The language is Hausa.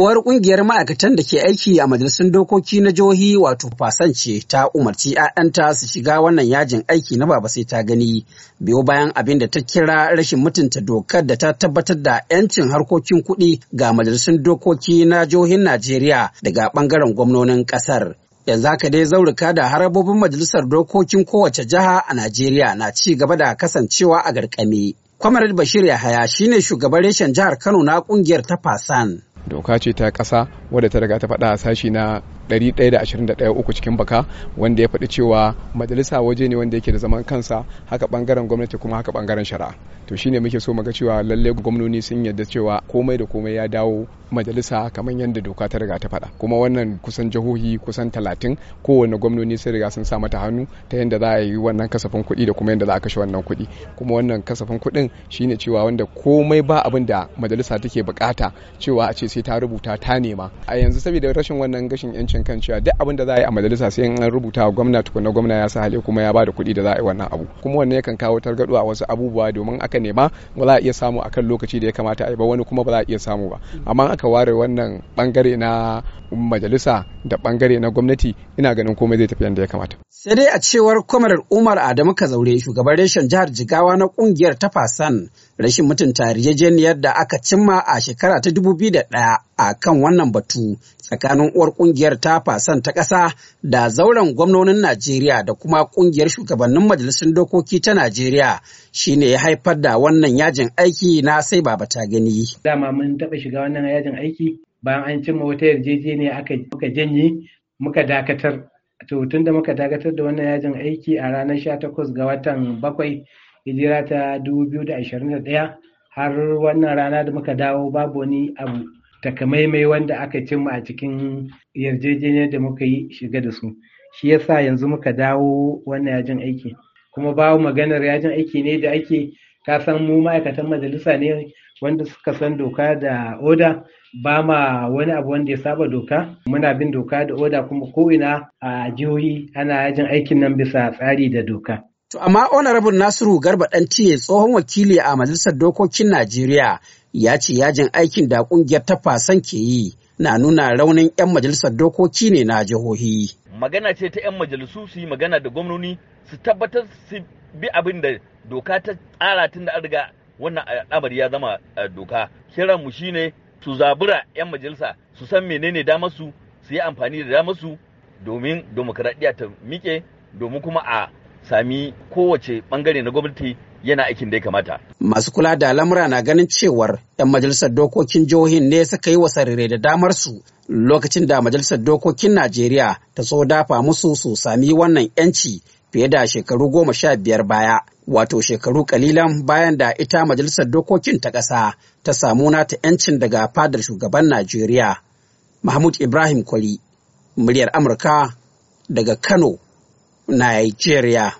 Uwar kungiyar ma'aikatan da ke aiki a majalisun dokoki na jihohi wato fasance ta umarci 'ya'yanta su shiga wannan yajin aiki na baba sai ta gani biyo bayan abin da ta kira rashin mutunta dokar da ta tabbatar da 'yancin harkokin kuɗi ga majalisun dokoki na jihohin Najeriya daga ɓangaren gwamnonin ƙasar. yanzu haka dai zaurika da harabobin majalisar dokokin kowace jiha a Najeriya na ci gaba da kasancewa a garkame. Kwamar Bashir Yahaya shine shugaban reshen jihar Kano na kungiyar ta Fasan. doka ce ta ƙasa wadda ta riga ta faɗa a sashi na uku cikin baka wanda ya faɗi cewa majalisa waje ne wanda yake da zaman kansa haka bangaren gwamnati kuma haka bangaren shari'a to shine muke so mu ga cewa lalle gwamnoni sun yarda cewa komai da komai ya dawo majalisa kamar yadda doka ta riga ta faɗa kuma wannan kusan jihohi kusan talatin kowane gwamnoni sun riga sun sa mata hannu ta yadda za a yi wannan kasafin kuɗi da kuma yadda za a kashe wannan kuɗi kuma wannan kasafin kuɗin shine cewa wanda komai ba abin da majalisa take bukata cewa a ce sai ta rubuta ta nema a yanzu saboda rashin wannan gashin yancin alkawarin kan cewa duk abin da za a yi a majalisa sai an rubuta wa gwamna na gwamna ya sa hali kuma ya ba kuɗi da za a yi wannan abu kuma wannan yakan kawo targaɗo a wasu abubuwa domin aka nema ba za a iya samu akan lokaci da ya kamata a yi ba wani kuma ba za a iya samu ba amma aka ware wannan bangare na majalisa da bangare na gwamnati ina ganin komai zai tafi yadda ya kamata. Sai dai a cewar kwamarar Umar Adamu Kazaure shugaban reshen jihar Jigawa na kungiyar Tafasan rashin mutunta yarjejeniyar da aka cimma a shekara ta dubu biyu da ɗaya a kan wannan batu tsakanin uwar kungiyar ta fasan ta ƙasa da zauren gwamnonin Najeriya da kuma kungiyar shugabannin majalisun dokoki ta Najeriya shine ya haifar da wannan yajin aiki na sai baba ta gani. Dama mun taɓa shiga wannan yajin aiki bayan an cimma wata yarjejeniya aka muka janye muka dakatar. To tunda da muka dakatar da wannan yajin aiki a ranar 18 ga watan bakwai hijira ta 2021 har wannan rana da muka dawo babu wani abu takamaimai wanda aka cimma a cikin yarjejeniyar da muka yi shiga da su shi yasa yanzu muka dawo wannan yajin aiki kuma bawo maganar yajin aiki ne da ake ka san mu ma'aikatan majalisa ne wanda suka san doka da oda ba ma wani abu wanda ya saba doka muna bin doka da oda kuma ko'ina a jihohi ana yajin aikin nan bisa tsari da doka To amma Honorable Nasiru Garba tiye tsohon wakili a Majalisar Dokokin Najeriya ya ce yajin aikin da ƙungiyar ta fasan ke yi na nuna raunin 'yan majalisar dokoki ne na jihohi. Magana ce ta 'yan majalisu su yi magana da gwamnoni su tabbatar su bi abin da doka ta tsara tun da an riga wannan al'amari ya zama eh, doka. Kiran mu shine su zabura 'yan majalisa su san menene damarsu su yi amfani da damarsu domin demokradiyya ta miƙe domin kuma a sami kowace bangare na gwamnati yana aikin da ya kamata. Masu kula da lamura na ganin cewar 'yan majalisar dokokin jihohin ne suka yi wa da damar su lokacin da majalisar dokokin Najeriya ta so dafa musu su sami wannan 'yanci fiye da shekaru goma sha biyar baya wato shekaru kalilan bayan da ita majalisar dokokin ta ƙasa ta samu nata 'yancin daga fadar shugaban Najeriya. Mahmud Ibrahim Kwali, muryar Amurka daga Kano, Nigeria.